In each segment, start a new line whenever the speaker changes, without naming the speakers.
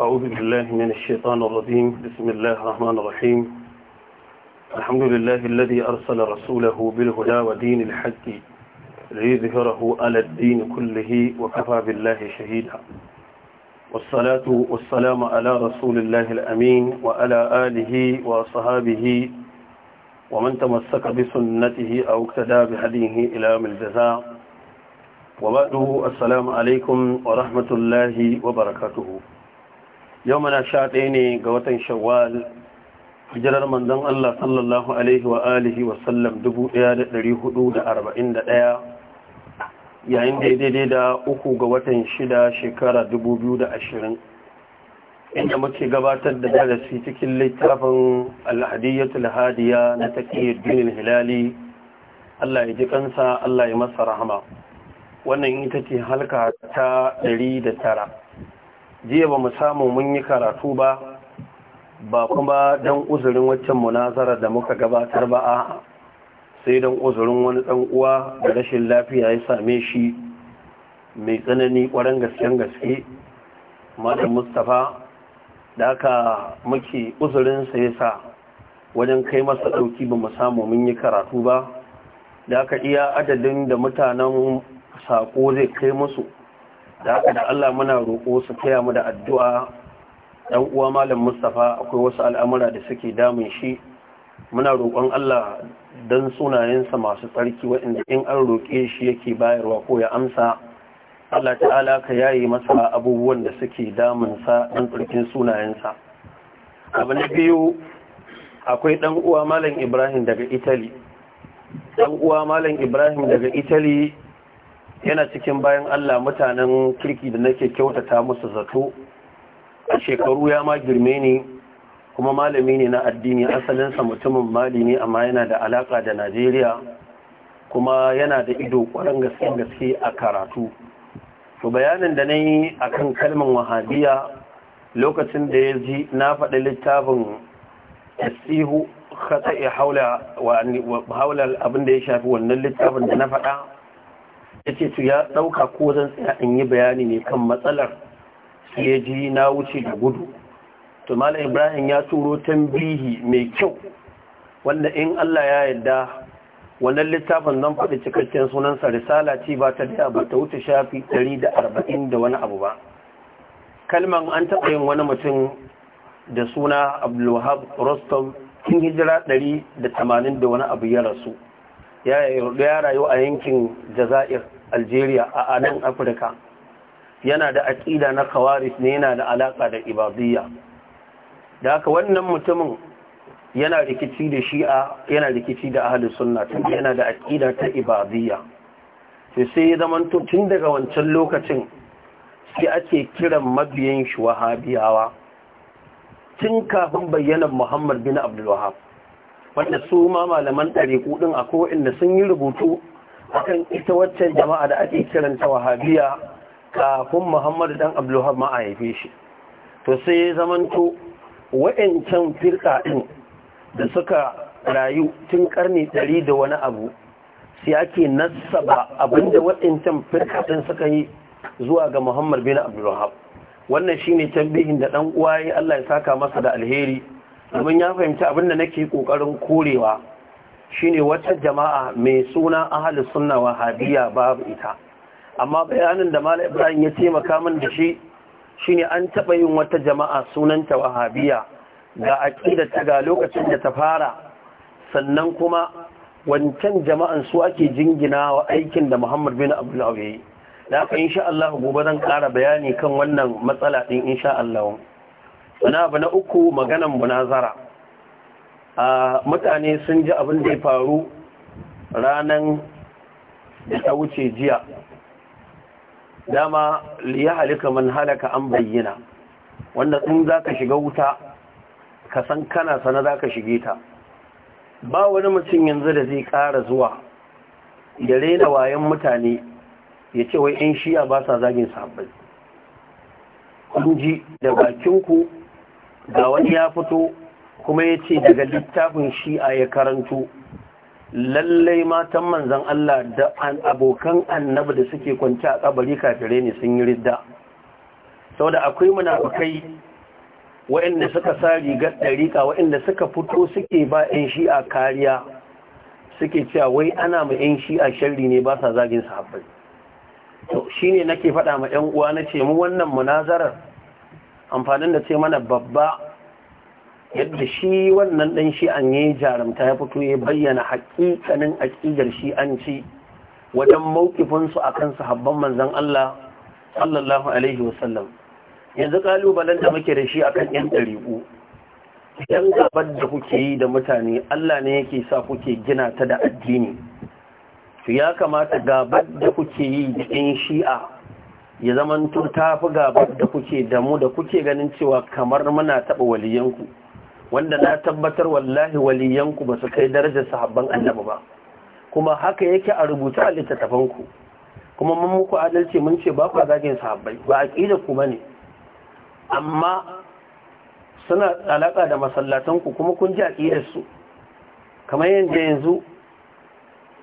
أعوذ بالله من الشيطان الرجيم بسم الله الرحمن الرحيم الحمد لله الذي أرسل رسوله بالهدى ودين الحق ليظهره على الدين كله وكفى بالله شهيدا والصلاة والسلام على رسول الله الأمين وعلى آله وصحابه ومن تمسك بسنته أو اقتدى بهديه إلى من الجزاء wa السلام Yau ورحمة الله وبركاته يومنا شاطيني قوة شوال hijirar manzon Allah sallallahu Alaihi wa alihi wasallam 1441
yayin da daidai
da uku ga watan shida shekara 2020 inda muke gabatar da darasi cikin littafin alhadiyatul hadiya na takiyar dinin hilali Allah ya ji kansa Allah ya masa rahama wannan ita ce halka ta ɗari da tara. jiya ba mu samu mun yi karatu ba ba kuma don uzurin waccan munazara da muka gabatar ba a sai don uzurin wani ɗan uwa da rashin lafiya ya same shi mai tsanani ƙwarar gasken gaske madan mustapha da aka muke uzurinsa ya sa wajen kai masa ɗauki ba mu samu mun yi karatu ba da aka iya adadin da mutanen saƙo zai kai musu da haka da Allah muna roƙo su kaya mu da addu'a ɗan uwa malam Mustapha akwai wasu al'amura da suke damun shi muna roƙon Allah don sunayensa masu tsarki waɗanda in an roƙe shi yake bayarwa ko ya amsa Allah ta'ala ka yayi masa abubuwan da suke damunsa ɗan tsarkin sunayensa abu na biyu akwai ɗan uwa malam Ibrahim daga Itali. ɗan uwa malam Ibrahim daga Italy yana cikin bayan Allah mutanen kirki da nake kyautata musu zato a shekaru ya ma girme ne kuma malami ne na addini asalinsa mutumin mali ne amma yana da alaka da Najeriya kuma yana da ido kwarin gaske gaske a karatu to bayanin da na yi a kan kalmar wahabiya lokacin da ya ji na faɗi littafin asihu khata'i haula abin da ya shafi wannan littafin da na faɗa ya ce ya ɗauka ko zan tsaya in yi bayani ne kan matsalar sai ya ji na wuce da gudu to mala ibrahim ya turo tambihi mai kyau wanda in allah ya yadda wannan littafin zan faɗi cikakken sunansa risala ce ba ta da ba ta wuce shafi 140 da wani abu ba kalman an taɓa yin wani mutum da suna abdulwahab rostom kin hijira 180 da wani abu ya rasu ya rayu a yankin jazair algeria a anan afirka yana da aƙida na kawaris ne yana da alaƙa da ibadiyya da haka wannan mutumin yana rikici da shi'a yana rikici da ahalin sunna tun yana da aƙida ta ibadiyya sai sai ya zama tun daga wancan lokacin sai ake kiran mabiyan shi wahabiyawa tun kafin bayyanar muhammad bin abdul wahab wanda su ma malaman ɗariku ɗin a kowanne sun yi rubutu akan ita waccan jama'a da ake kiranta wahabiya kafin muhammadu dan abdullahi ma shi to sai ya zamanto wa'ancan firka ɗin da suka rayu tun ƙarni ɗari da wani abu sai ake nasaba abinda wa'ancan firka ɗin suka yi zuwa ga muhammadu bin abdullahi wannan shine tambihin da ɗan uwa yi allah ya saka masa da alheri domin ya fahimci abin da nake kokarin korewa shine wata jama'a mai suna ahlus sunna wahabiyya babu ita amma bayanin da malam Ibrahim ya taimaka min da shi shine an taba yin wata jama'a sunanta wahabiyya ga aqida ta ga lokacin da ta fara sannan kuma wancan jama'an su ake jingina wa aikin da Muhammad bin Abdul Awi da in insha Allah gobe zan ƙara bayani kan wannan matsala din insha Allah wani abu na uku maganan munazara a mutane sun ji abin da ya faru ranar da ta wuce jiya dama ya halika man halaka an bayyana wanda sun za ka shiga wuta ka san kana sana za ka shige ta ba wani mutum yanzu da zai ƙara zuwa ya raina wayan mutane ya ce wai 'yan shiya ba sa zagin sabbin kun ji da bakinku ga wani ya fito kuma ya ce daga littafin shi'a ya karanto lallai matan manzan Allah da abokan annabi da suke kwanci a kabari kafire ne sun yi ridda saboda akwai munafukai waɗanda suka sa rigar ɗariƙa waɗanda suka fito suke ba 'yan a kariya suke cewa wai ana ma 'yan a sharri ne ba sa zagin sahabbai to shine nake faɗa ma 'yan uwa na ce mu wannan munazarar amfanin da ce mana babba yadda shi wannan ɗan shi an yi jarumta ya fito ya bayyana haƙiƙanin aƙidar shi an ci wajen maukifinsu a kan sahabban manzan Allah sallallahu Alaihi wasallam yanzu ƙalubalen da muke da shi a kan ‘yan ɗariƙu ‘yan gabar da kuke yi da mutane Allah ne yake sa kuke gina ta da addini ya kamata gabar da kuke yi da ‘yan shi'a ya tun ta fi gaba da kuke damu da kuke ganin cewa kamar muna taɓa waliyanku wanda na tabbatar wallahi waliyanku ba su kai darajar sahabban annabi ba kuma haka yake a rubuta a littattafanku kuma mun muku adalci mun ce ba kuwa zagin sahabbai ba a ƙi da ku ba ne, amma suna alaƙa da masallatanku kuma kun ji a da su kamar yanzu yanzu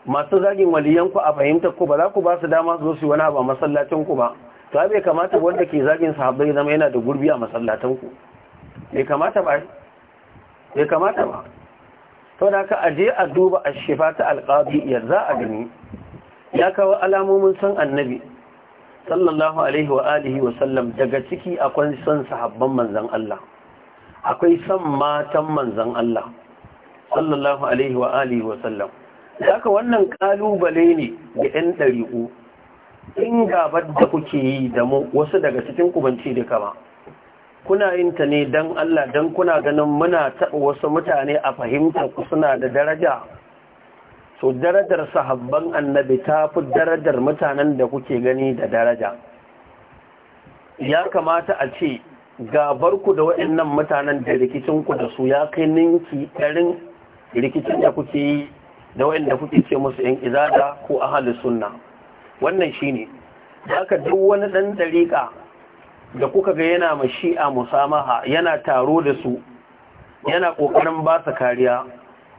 masu zagin waliyanku a fahimtar ku ba za ku ba su dama su zo su wani abu a masallacin ba to bai kamata wanda ke zagin sahabbai zama yana da gurbi a masallatan ku bai kamata ba bai kamata ba to da ka aje a duba ashifa ta alqadi za a gani ya kawo alamomin san annabi sallallahu alaihi wa alihi wa sallam daga ciki akwai san sahabban manzon Allah akwai san matan manzon Allah sallallahu alaihi wa alihi wa sallam haka wannan kalubale ne ga 'yan ɗari'u in gabar da kuke yi da mu wasu daga cikin kubanci da kama kuna yin ta ne don Allah don kuna ganin muna taɓa wasu mutane a fahimtar ku suna da daraja so darajar sahabban annabi ta fi darajar mutanen da kuke gani da daraja ya kamata a ce gabar ku da waɗannan mutanen da rikicin ku da su ya kai ninki ɗarin rikicin da kuke yi da waɗanda kuke ce musu ‘yan izada ko ahalus sunna wannan shi shine haka duk wani ɗan dariƙa da kuka ga yana ma a musamaha yana taro da su yana ƙoƙarin ba su kariya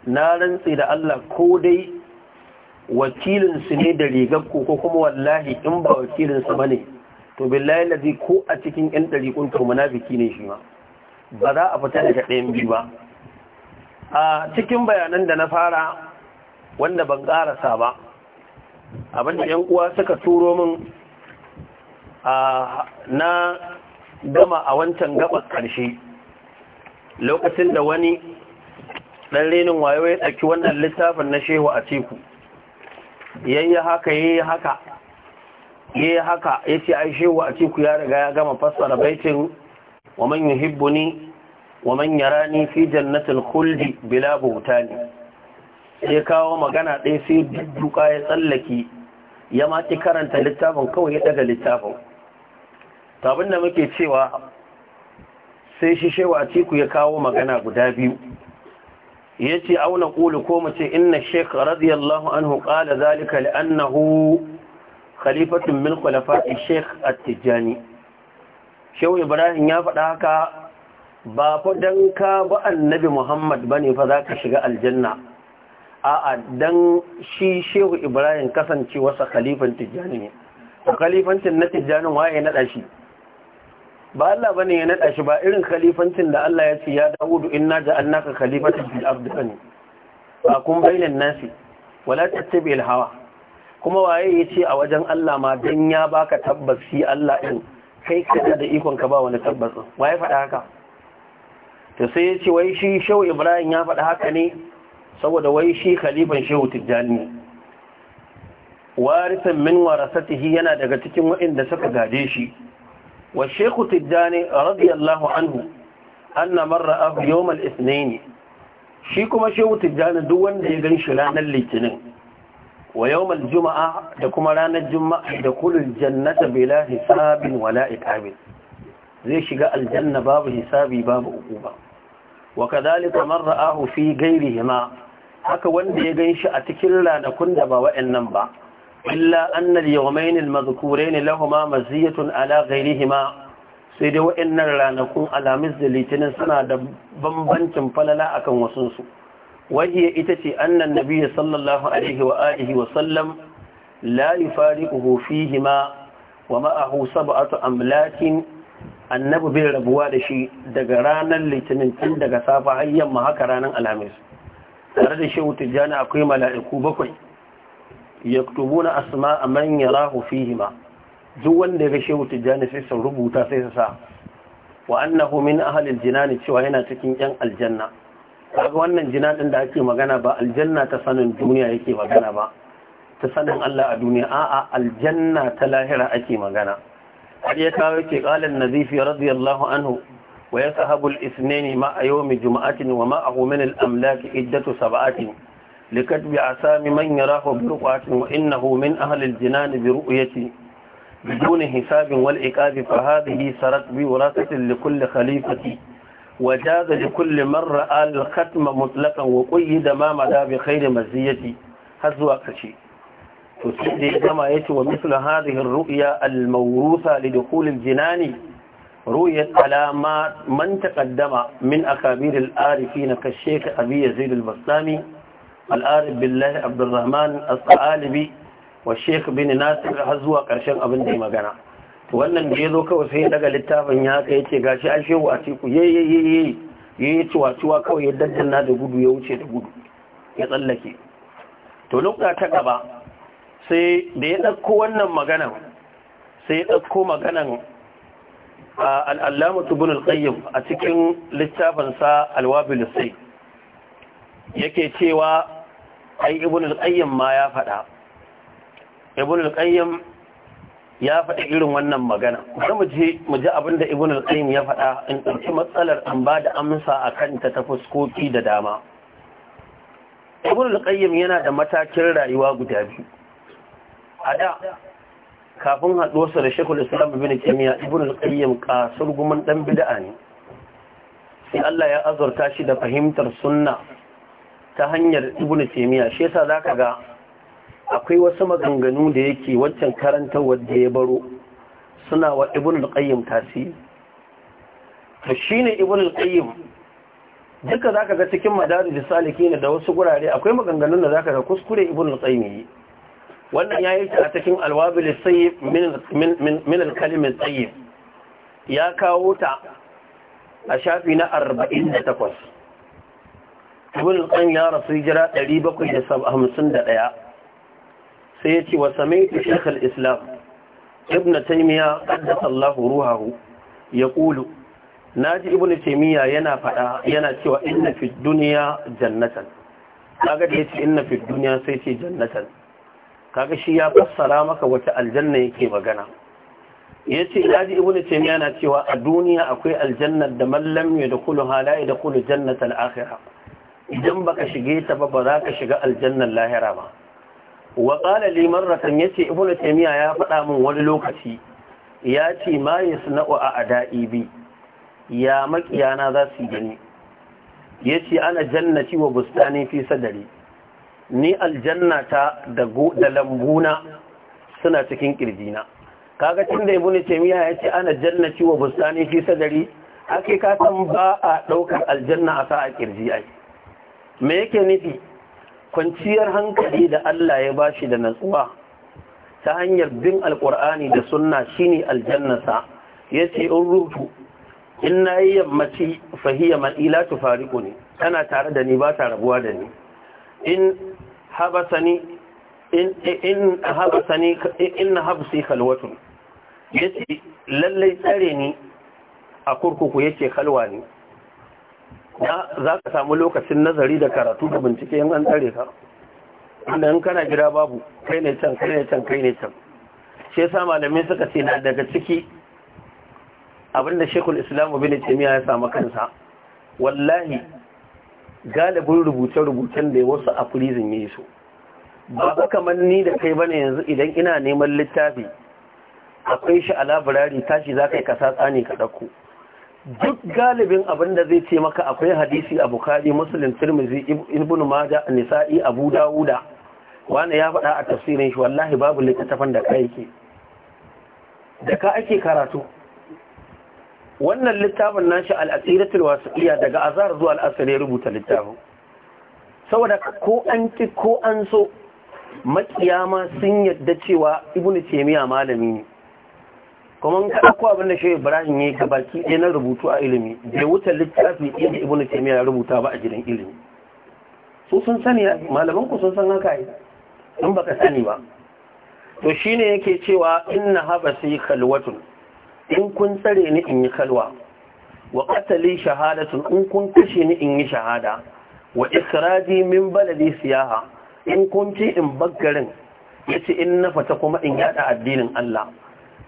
na rantsi da Allah ko dai wakilinsu ne da rigar ko kuma wallahi in ba wakilinsu ba ne to billahi lazi ko a cikin 'yan ɗariƙun to munafiki ne shi ma ba za a fita daga ɗayan biyu ba a cikin bayanan da na fara wanda ban ƙarasa ba abinda yan uwa suka turo min na gama a wancan gabar ƙarshe lokacin da wani ɗan renin wayo ya ɗauki wannan littafin na shehu a teku yayi haka yayi haka yayi haka yace ai shehu a teku ya riga ya gama fassara baitin wa man yuhibbuni wa man yarani fi jannatil khuldi bila buhtani sai kawo magana ɗaya sai dudduka ya tsallake ya mati karanta littafin kawai ya daga littafin tabin da muke cewa sai shi shewa ciku ya kawo magana guda biyu ya ce auna ƙulu ko mace inna shek radiyallahu anhu ƙala zalika li'annahu khalifatun min khulafati shek at-tijani shewa ibrahim ya faɗa haka ba fa dan ka ba annabi muhammad bane fa zaka shiga aljanna a'a dan shi shehu ibrahim wasa khalifan tijjani ne to khalifancin na Tijjani waye ya nada shi ba Allah bane ya nada shi ba irin khalifancin da Allah ya ce ya Dawudu inna ja'alnaka khalifatan fil ardi bani ba kun bainan nasi wala tattabi al hawa kuma waye ya ce a wajen Allah ma dan ya baka tabbas shi Allah din kai kada da ikon ka ba wani tabbas waye faɗa haka to sai ya ce wai shi shehu ibrahim ya faɗa haka ne saboda wai shi khalifan shehu tijjani warisan min warasatihi yana daga cikin wa'inda suka gaje shi wa shehu tijjani radiyallahu anhu anna marra abu yawmal isnaini shi kuma shehu tijjani duk wanda ya gan shi ranar litinin wa yawmal juma'a da kuma ranar juma'a da kulul jannata bila hisabin wala iqabin zai shiga aljanna babu hisabi babu uku ba. wa kazalika Marra'ahu fi ghayrihima haka wanda ya gan shi a cikin ranakun da ba wa'annan ba illa annal yawmain almadhkurain lahumma maziyatun ala ghayrihima sai dai wa'annan ranakun alamis da litinin suna da bambancin falala akan wasun su wajiya ita ce annan nabiyyi sallallahu alaihi wa alihi wa sallam la yufariquhu fihima wa ma'ahu sab'atu amlakin annabi bai rabuwa da shi daga ranar litinin tun daga safa har yamma haka ranar alamis tare da shehu tijjani akwai mala'iku bakwai yaktubuna asma'a man yarahu fihima duk wanda ya ga shehu tijjani sai sun rubuta sai su sa wa annahu min ahli aljinani cewa yana cikin yan aljanna kaga wannan ɗin da ake magana ba aljanna ta sanin duniya yake magana ba ta sanin Allah a duniya a'a aljanna ta lahira ake magana har ya kawo ke qalan nazifi radiyallahu anhu ويذهب الاثنين مع يوم جمعة ومعه من الأملاك عدة سبعات لكتب عسام من يراه برقعة وإنه من أهل الجنان برؤيتي بدون حساب والإكاد فهذه سرت بوراثة لكل خليفة وجاز لكل من رأى الختم مطلقا وقيد ما مدى بخير مزيتي هزوا كشي تسيدي كما يتي ومثل هذه الرؤيا الموروثة لدخول الجنان ru'yat ala ma man min akabir al-arifin ka Sheikh Abi Yazid al-Bastami al-Arif billah Abdurrahman al-Sa'alibi wa Sheikh bin har zuwa karshen abin da ya magana wannan da ya zo kawai sai daga littafin ya haka yace gashi an shehu a ciku yeyeyeye yayi ciwa-ciwa kawai ya daddanna da gudu ya wuce da gudu ya tsallake to lokacin ta gaba sai da ya ɗauko wannan maganan sai ya ɗauko maganan al'allama bin alƙayyar a cikin littafinsa alwabil sai yake cewa ai ibn alƙayyar ma ya faɗa ibn alƙayyar ya faɗi irin wannan magana kuma mu ji abinda da ibn al ya faɗa in ɗauki matsalar an ba da amsa a kanta ta fuskoki da dama ibn al yana da matakin rayuwa guda biyu a da kafin haɗuwarsa da shekul islam bin kimiyya ibn al-qayyim kasar guman dan bid'a ne sai Allah ya azurta shi da fahimtar sunna ta hanyar ibn kimiyya shi yasa zaka ga akwai wasu maganganu da yake waccan karanta wadda ya baro suna wa ibn al-qayyim tasiri to shine ibn al-qayyim duka zaka ga cikin madarijus salikin da wasu gurare akwai maganganun da zaka ga kuskure ibn al-qayyim wannan ya yi shi a cikin alwabil sayyib min alkalimin sayyib ya kawo ta a shafi na 48 ibn al ya rasu hijira 751 sai ya ce wa samaitu shaykh al-islam ibn taymiya qaddasa Allah ruhahu Na ji ibn taymiya yana fada yana cewa inna fi duniya jannatan kaga da yace inna fi duniya sai ce jannatan kaga shi ya fassara maka wata aljanna yake magana yace ce yaji ibn taymiya na cewa a duniya akwai aljannar da mallam ya dakulu hala ya dakulu jannatal akhirah idan baka shige ta ba ba za ka shiga aljannar lahira ba wa qala li marratan yace ibn taymiya ya faɗa min wani lokaci ya ce ma yasna'u a ada'i bi ya makiyana za su gani yace ana jannati wa bustani fi sadari ni aljanna aljannata da lambuna suna cikin kirjina kaga tunda da taymiya ya ce ana jannati wa bustani fi sadari ake ka san ba a daukar aljanna a sa a kirji ai me yake nufi kwanciyar hankali da Allah ya bashi da natsuwa ta hanyar bin alqur'ani da sunna shine aljannasa yace in rutu in nayi yammaci fahiya malila tufariquni tana tare da ni ba ta rabuwa da ni in habasani in ya in lallai tsare ni a kurkuku ya ce kalwa ne za ka samu lokacin nazari da karatu da bincike yin an tsare ka inda yin kana gida babu kai ne can kai ne can kai ne can shi malamai suka ce na daga ciki abinda shekul islamu bin miya ya samu kansa wallahi galibin rubuce-rubucen da ya wasu a firizin ya su ba kamar ni da kai bane yanzu idan ina neman littafi akwai shi a labirari tashi za ka yi kasa tsani ka ɗauko duk galibin abin da zai ce maka akwai hadisi a bukari musulun turmizi ibn maja nisa'i abu dawuda wani ya faɗa a tafsirin shi wallahi babu littattafan da ka yake da ka ake karatu wannan littafin nashi al'asiratul wasiya daga azhar zuwa al'asr ya rubuta littafin saboda ko an ki ko an so makiyama sun yadda cewa ibnu taymiya malami ne kuma in ka ko abin da shi ibrahim ne ka baki ɗaya na rubutu a ilimi bai wuce littafi ɗaya da ibnu taymiya ya rubuta ba a gidan ilimi su sun sani malaman ku sun san haka in baka sani ba to shine yake cewa inna habasi khalwatun in kun tsare ni in yi kalwa wa qatali shahadatun in kun kashe ni in yi shahada wa ikhraji min baladi siyaha in kun ce in baggarin ce in na fata kuma in yada addinin Allah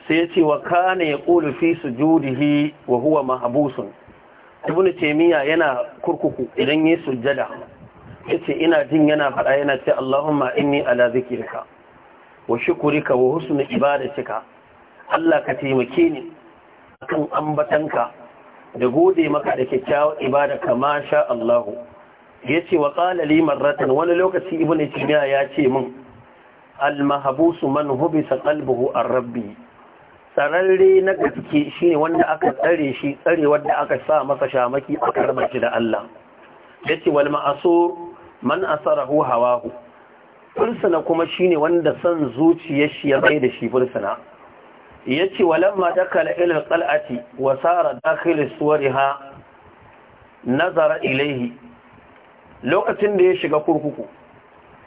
sai ce wa kana yaqulu fi sujudihi wa huwa mahbusun ibn taymiya yana kurkuku idan yayi sujjada yace ina jin yana haɗa yana ce Allahumma inni ala zikrika wa shukrika wa ibada ibadatika Allah ka taimake ni akan ambatanka da gode maka da kyakkyawar ibada kama sha Allah yace wa qala li marratan wani lokaci ibnu timiya ya ce min al mahbusu man hubisa qalbuhu ar rabbi tsararre na gaske shine wanda aka tsare shi tsare wanda aka sa masa shamaki aka raba shi da Allah yace wal ma'asur man asarahu hawahu fursuna kuma shine wanda san zuciyar shi ya kai da shi fursuna yace walamma dakala ila alqal'ati wa sara dakhil ha? nazara ilaihi. lokacin da ya shiga kurkuku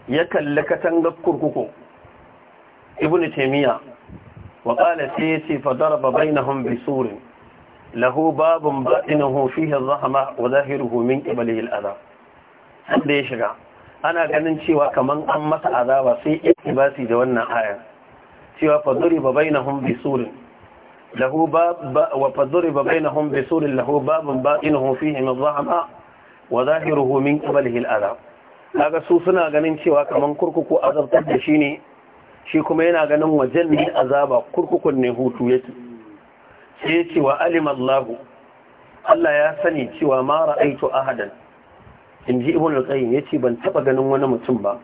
ya kalli katangar kurkuku ibn taymiya wa qala sai yace fa na bainahum bisurin lahu babu batinuhu fihi ar-rahma wa zahiruhu min qiblihi al-adha ya shiga ana ganin cewa kaman an masa azaba sai ibasi da wannan ayar cewa faduri ba bai na hun bisurin lahu wa faduri ba bai na hun bisurin lahu babin ina hun fi himar zahama wa zahiruhu ibal hil ala daga su suna ganin cewa kamar kurkuku azabtar da shi ne shi kuma yana ganin wajen ne azaba kurkukun ne hutu ce sai ce wa Allahu! Allah ya sani cewa ma a ahadan in ji ibn al-qayyim yace ban taba ganin wani mutum ba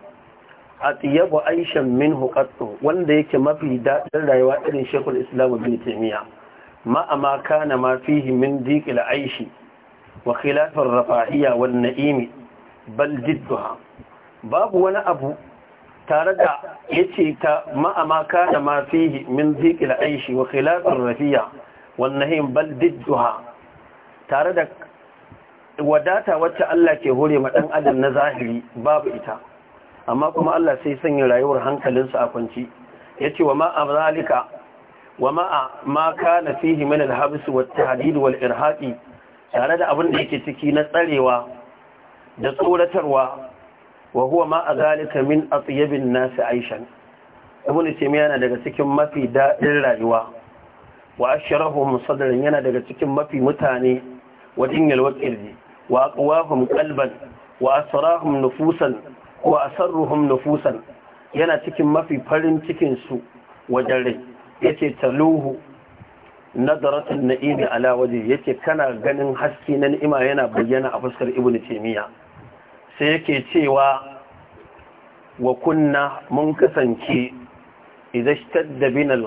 atiyabu aishan min qattu wanda yake mafi dadin rayuwa irin shekul islamu bin taymiya ma amma kana ma fihi min diqil aishi wa khilaf ar-rafahiyya wan bal jidduha babu wani abu tare da yace ta ma amma kana ma fihi min diqil aishi wa khilaf ar-rafiyya na'im bal jidduha tare da wadata wacce Allah ke hore ma dan adam na zahiri babu ita amma kuma Allah sai sanya rayuwar hankalinsu a kwanci ce wa ma amralika wa ma na fi fihi min da habs wa wal tare da abin da yake ciki na tsarewa da tsoratarwa wa huwa ma azalika min tsayabin nasi aishan ibn taymiya yana daga cikin mafi daɗin rayuwa wa ashrahum musadarin yana daga cikin mafi mutane wa dingal wa qirji wa aqwahum wa nufusan wa asarruhum nufusan yana cikin mafi farin cikin su wajen rai yace taluhu nadaratun na'imi ala waje yace kana ganin haske na ni'ima yana bayyana a fuskar ibnu taymiya sai yake cewa wa kunna mun kasance idan shtadda bina al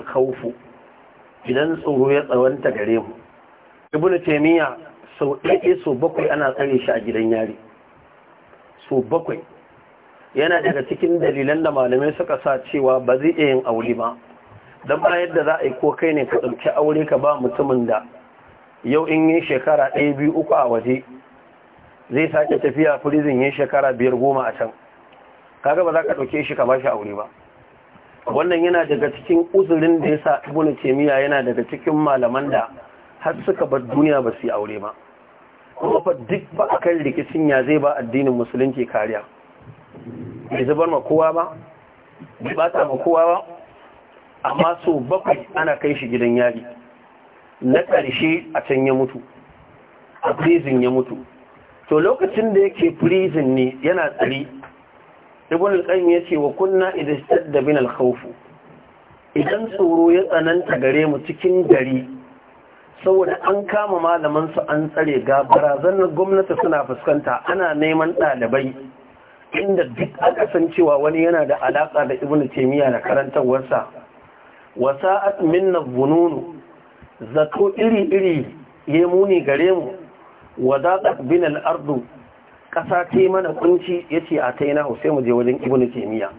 idan tsoro ya tsawanta gare mu ibnu taymiya sau ɗaya sau bakwai ana tsare shi a gidan yari sau bakwai yana daga cikin dalilan da malamai suka sa cewa ba zai iya yin aure ba don ba yadda za a yi ko kai ne ka ɗauki aure ka ba mutumin da yau in yi shekara ɗaya biyu uku a waje zai sake tafiya firizin yin shekara biyar goma a can kaga ba za ka ɗauke shi ka ba shi aure ba wannan yana daga cikin uzurin da ya sa ibn taymiya yana daga cikin malaman da har suka bar duniya ba su yi aure ba kuma fa duk ba akan rikicin ya zai ba addinin musulunci kariya bai zubar ma kowa ba bai bata ma kowa ba amma so bakwai ana kai shi gidan yari na ƙarshe a can ya mutu a prison ya mutu to lokacin da yake prison ne yana tsari ibn al-qayyim yace wa kunna idza stadda bin al-khawf idan tsoro ya tsananta gare mu cikin gari saboda an kama malaman su an tsare ga barazanar gwamnati suna fuskanta ana neman ɗalibai inda duk aka san cewa wani yana da alaƙa da ibn taymiya da karantawarsa wasa'at minna bununu zato iri iri ya muni gare mu wadaqat bin al ard kasa ta mana kunci yace a taina sai mu je wajen ibn taymiya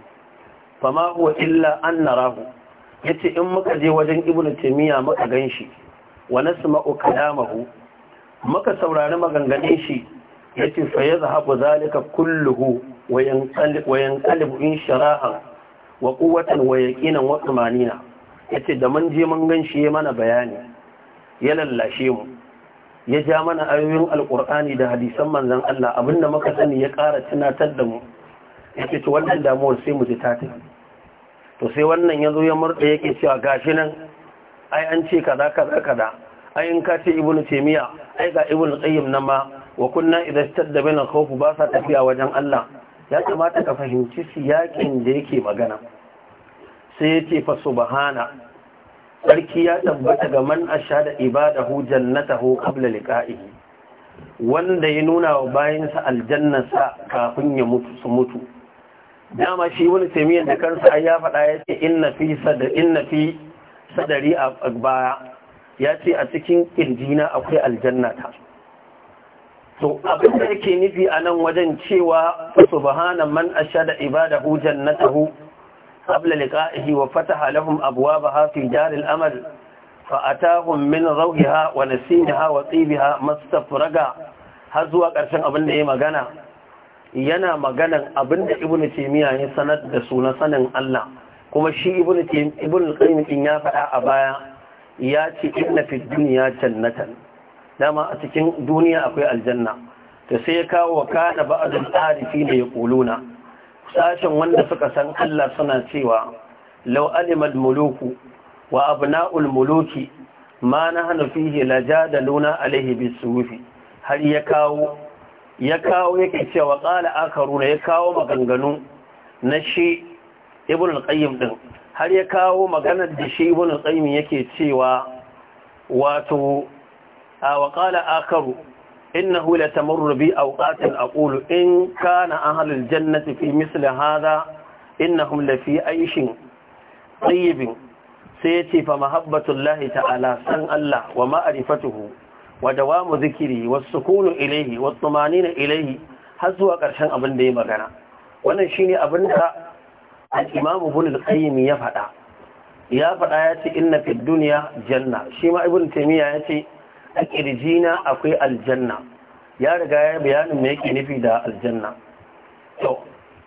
fama huwa illa an narahu yace in muka je wajen ibn taymiya muka ganshi wa nasma'u kalamahu muka saurari maganganun shi yace fa yadhhabu zalika kulluhu Wayan وينقلب wa شراها وقوة ويكينا Ya ce da mun je gan shi mana bayani ya lallashe mu ya ja mana ayoyin alkur'ani da hadisan manzan Allah abinda muka sani ya ƙara tunatar da mu Ya ce to wannan damuwar sai mu ji ta to sai wannan ya zo ya murɗa yake cewa gashi nan ai an ce kaza kaza kaza ai in ka ce ibnu taymiya ai ga ibnu qayyim nan ma wa kunna idza istadda bina khawfu ba sa tafiya wajen Allah ya kamata ka fahimci siyakin da yake magana sai ya ce fa subhana sarki ya tabbata ga man asha da ibadahu jannatahu qabla liqa'ihi wanda ya nuna wa bayansa sa kafin ya mutu su mutu dama shi wani taimiyyar da kansa ya faɗa ya ce inna fi fi sadari a baya ya ce a cikin kirjina akwai aljannata to abin da yake nufi a nan wajen cewa subhana man ashada ibadahu jannatahu qabla liqa'ihi wa fataha lahum ba hafi jarin amal fa atahum min ha wa nasinaha wa tibiha mastafraga har zuwa ƙarshen abin da ya magana yana maganan abin da ibnu taymiya ya sanar da su sanin Allah kuma shi ibnu ibnu ya faɗa a baya ya ce inna fi duniya jannatan dama a cikin duniya akwai aljanna Ta sai ya kawo wa kada ba'adul arifi da ƙuluna sashen wanda suka san Allah suna cewa "Lau alimal muluku wa abna'ul muluki ma na nahnu fihi lajadaluna alaihi bisufi har ya kawo ya kawo yake cewa karu na ya kawo maganganu na shi ibn al-qayyim har ya kawo maganar da shi ibn al yake cewa wato wa qala akaru innahu la tamurru bi awqatin aqulu in kana ahlul jannati fi misli hadha innahum la fi aishin tayyibin sai yace fa mahabbatullahi ta'ala san Allah wa ma'rifatuhu wa zikiri, dhikri was sukunu ilayhi was tumanina ilayhi har zuwa ƙarshen abin da ya magana wannan shine abin da al-imam ibn ya faɗa ya faɗa ya ce inna fid dunya janna shi ma ibn taymiya ya ce a ƙirjina akwai aljanna ya riga ya bayanin me ke nufi da aljanna to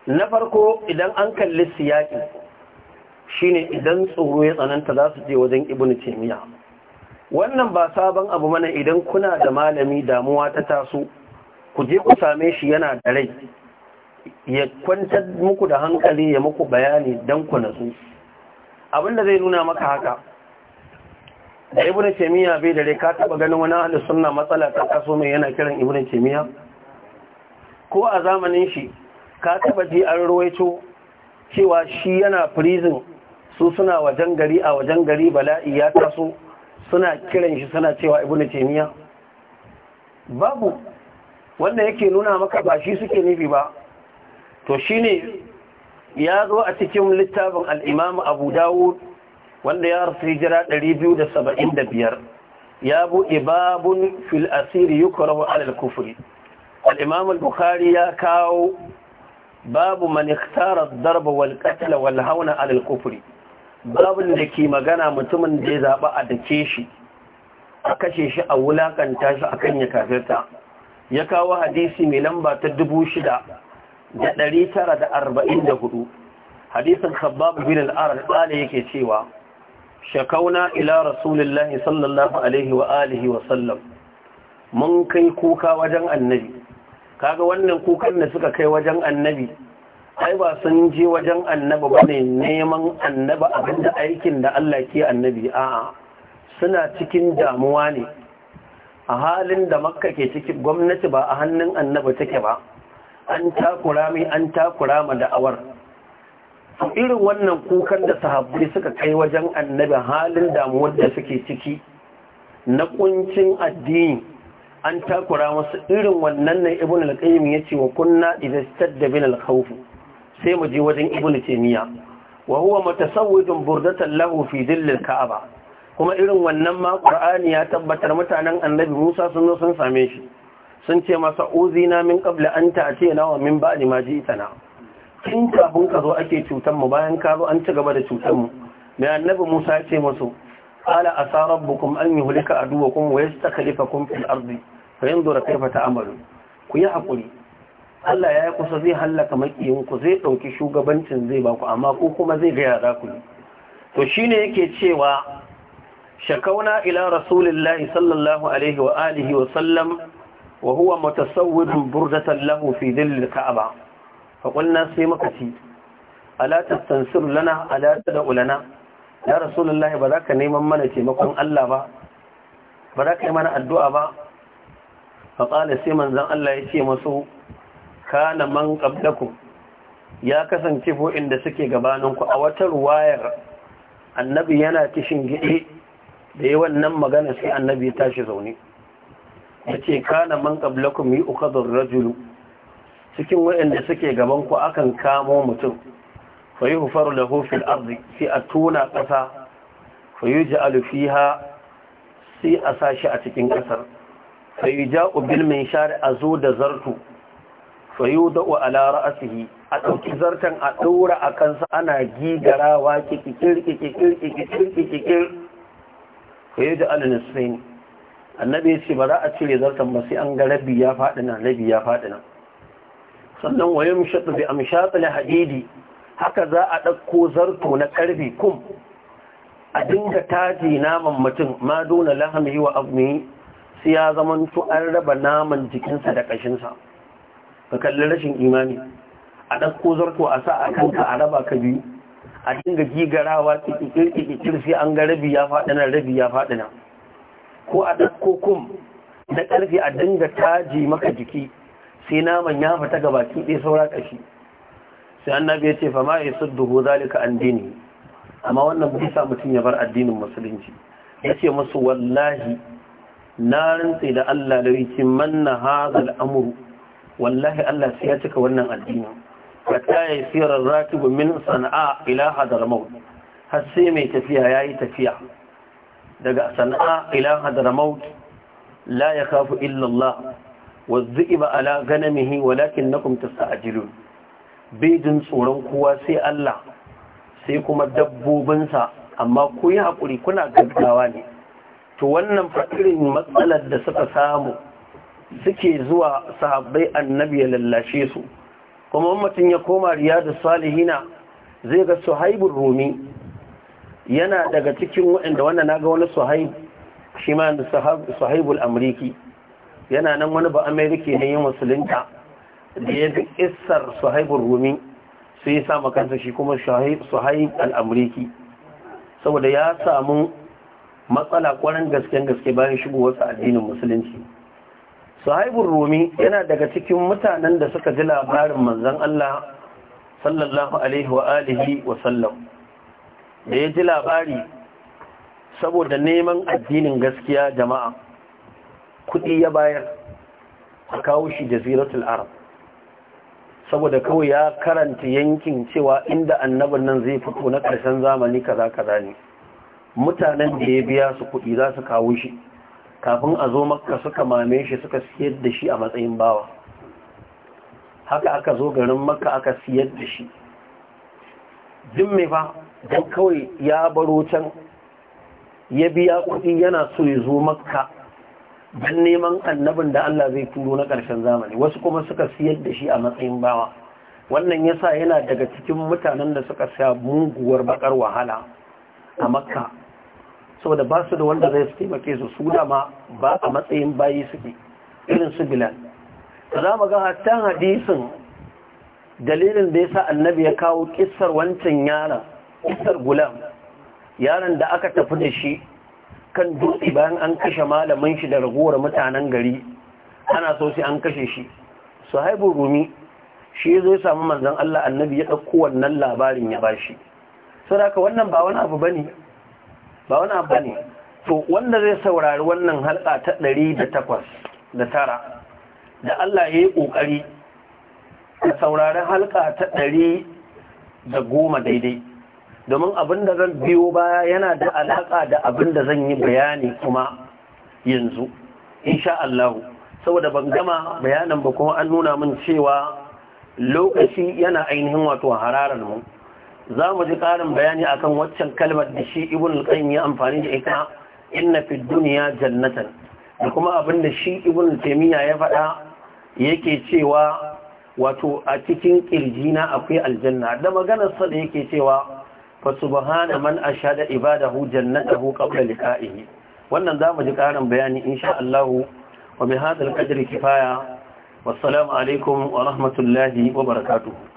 na farko idan an kalli siyaki shine idan tsoro ya tsananta za su je wajen ibnu taymiya wannan ba sabon abu mana idan kuna da malami damuwa ta taso ku je ku same shi yana da rai ya kwantar muku da hankali ya muku bayani don ku natsu abinda zai nuna maka haka da ibn taymiya bai da ka taba ganin wani ahlus sunna matsala ta kaso mai yana kiran ibn taymiya ko a zamanin shi ka taba ji an ruwaito cewa shi yana prison su suna wajen gari a wajen gari bala'i ya taso suna kiran shi suna cewa ibn taymiya babu wanda yake nuna maka ba shi suke nufi ba to shine ya zo a cikin littafin al abu dawud wanda ya rasu hijira 275 ya buɗe babun fil asiri yukrahu alal kufuri al'imam al-bukhari ya kawo babu manikhtara darba wal katila wal hauna alal kufuri babun da ke magana mutumin da ya zaɓa a dake shi a kashe shi a wulaƙanta shi akan ya kafirta ya kawo hadisi mai lamba ta dubu shida da ɗari tara da arba'in da hudu hadisin khabbab bin al'arar yake cewa shakauna ila rasulillahi sallallahu alaihi wa alihi wa sallam mun kai kuka wajen annabi kaga wannan kukan da suka kai wajen annabi ai ba sun je wajen annabi bane neman annabi abinda aikin da Allah ke annabi a'a suna cikin damuwa ne a halin da makka ke ciki gwamnati ba a hannun annabi take ba an takura mai an takura ma da'awar to irin wannan kukan da sahabbai suka kai wajen annabi halin damuwar da suke ciki na kuncin addini an takura masu irin wannan nan ibn al-qayyim yace wa kunna idza stadda bin al-khawf sai mu je wajen ibn taymiya wa huwa mutasawwidun burdatan lahu fi dhill al-ka'aba kuma irin wannan ma qur'ani ya tabbatar mutanen annabi Musa sun zo sun same shi sun ce masa uzina min qabla anta atina wa min ba'di ma ji'tana tun kafin ka zo ake cutar mu bayan ka zo an ci gaba da cutar mu mai annabi Musa ya ce masu ala asa rabbukum an yi a yuhlika aduwakum wa yastakhlifakum fil zo da kaifa ta amalu ku yi hakuri Allah ya yi kusa zai hallaka makiyin ku zai ɗauki shugabancin zai ba ku amma ko kuma zai gaya za ku to shine yake cewa shakauna ila rasulillahi sallallahu alaihi wa alihi wa sallam wa huwa mutasawwirun burdatan lahu fi dhillil ka'aba faƙulna sai muka ci ala tastansir lana ala da ulana. ya rasulullahi ba za ka neman mana taimakon Allah ba ba za ka yi mana addu'a ba faƙala sai manzan Allah ya ce masu kana man qablakum ya kasance ko inda suke gabaninku a wata ruwayar annabi yana kishin gidi da yi wannan magana sai annabi ya tashi zaune ya ce kana man qablakum yi ukadhur rajulu cikin waɗanda suke gaban ku akan kamo mutum Fa hufaru da hufin arzi sai a tona ƙasa yi ji alufiha sai a sashi a cikin ƙasar yi ja ubil min shari a zo da zartu fayi da'u ala ra'asihi a ɗauki zartan a ɗora a kansa ana gigarawa kikikir kikikir kikikir kikikir fayi ji alunisrain annabi ya ce ba za a cire zartan ba sai an ga rabi ya faɗi nan rabi ya faɗi sannan wayan shaɗu bi amshaɗu na hadidi haka za a ɗauko zarto na ƙarfe kum a dinga taji naman mutum ma dona lahamihi wa abmi sai ya su an raba naman jikinsa da ƙashinsa ka kalli rashin imani a ɗauko zarto a sa a kanka a raba ka biyu a dinga gigarawa ƙiƙiƙiƙiƙir sai an ga rabi ya faɗina rabi ya faɗina ko a ɗauko kum na ƙarfe a dinga taji maka jiki sai naman ya fita ga baki ɗaya saura ƙashi sai annabi ya ce fa ma ya sudduhu zalika an dini amma wannan bai sa mutum ya bar addinin musulunci ya ce musu wallahi na rantse da Allah da riki manna hadal amru wallahi Allah sai ya cika wannan addinin hatta ya sira rakibu min sana'a ila hadramaut har sai mai tafiya ya yi tafiya daga sana'a ila hadramaut la ya kafu illallah. والذئب على غنمه ولكنكم تستعجلون بيدن tsoron kowa sai Allah sai kuma dabbobinsa amma ku yi hakuri kuna gaggawa ne to wannan fakirin matsalar da suka samu suke zuwa sahabbai annabi ya lallashe su kuma mutum ya koma riyadu salihina zai ga suhaibur rumi yana daga cikin waɗanda wannan naga wani suhaib shi ma suhaibul amriki yana nan wani ba amerika ne yin musulunta da ya fi isar suhaibul rumi su yi sama kansa shi kuma suhaib al'amuriki saboda ya samu matsala kwarin gasken gaske bayan shigo wasu addinin musulunci suhaibul rumi yana daga cikin mutanen da suka ji labarin manzon Allah sallallahu alaihi wa alihi wa sallam da ya ji labari saboda neman addinin gaskiya jama'a kuɗi ya bayar a kawo shi jaziratul arab saboda kawai ya karanta yankin cewa inda annabin nan zai fito na karshen zamani kaza kaza ne mutanen da ya biya su kuɗi za su kawo shi kafin a zo makka suka mame shi suka siyar da shi a matsayin bawa haka aka zo garin makka aka siyar da shi jin mai ba don kawai ya baro can ya biya kuɗi yana so ya zo makka don neman annabin da Allah zai turo na ƙarshen zamani wasu kuma suka siyar da shi a matsayin bawa wannan yasa yana daga cikin mutanen da suka sa muguwar bakar wahala a makka saboda ba su da wanda zai su taimake su su dama ba a matsayin bayi suke irin su bilal za mu ga hatta hadisin dalilin da ya sa annabi ya kawo kissar wancan yaron kissar gulam yaron da aka tafi da shi kan dutse bayan an kashe malamin shi da ragowar mutanen gari ana so sai an kashe shi su haibu rumi shi zo ya samu manzan Allah annabi ya ɗauko wannan labarin ya ba shi saboda wannan ba wani abu bane ba wani abu bane to wanda zai saurari wannan halka ta ɗari da takwas da tara da Allah ya yi ƙoƙari ka saurari halka ta ɗari da goma daidai domin abin da zan biyo baya yana da alaƙa da abin da zan yi bayani kuma yanzu insha Allah saboda ban gama bayanan ba kuma an nuna min cewa lokaci yana ainihin wato hararar mu za mu ji ƙarin bayani akan waccan kalmar da shi ibn al-qayyim ya amfani da ita inna fid dunya jannatan da kuma abin da shi ibn taymiya ya faɗa yake cewa wato a cikin na akwai aljanna da maganar sa da yake cewa fa subhana man ashada ibadahu jannatahu qabla liqa'ihi wannan zamu ji karin bayani insha Allah wa bi hadha qadri kifaya wassalamu alaikum wa rahmatullahi wa barakatuh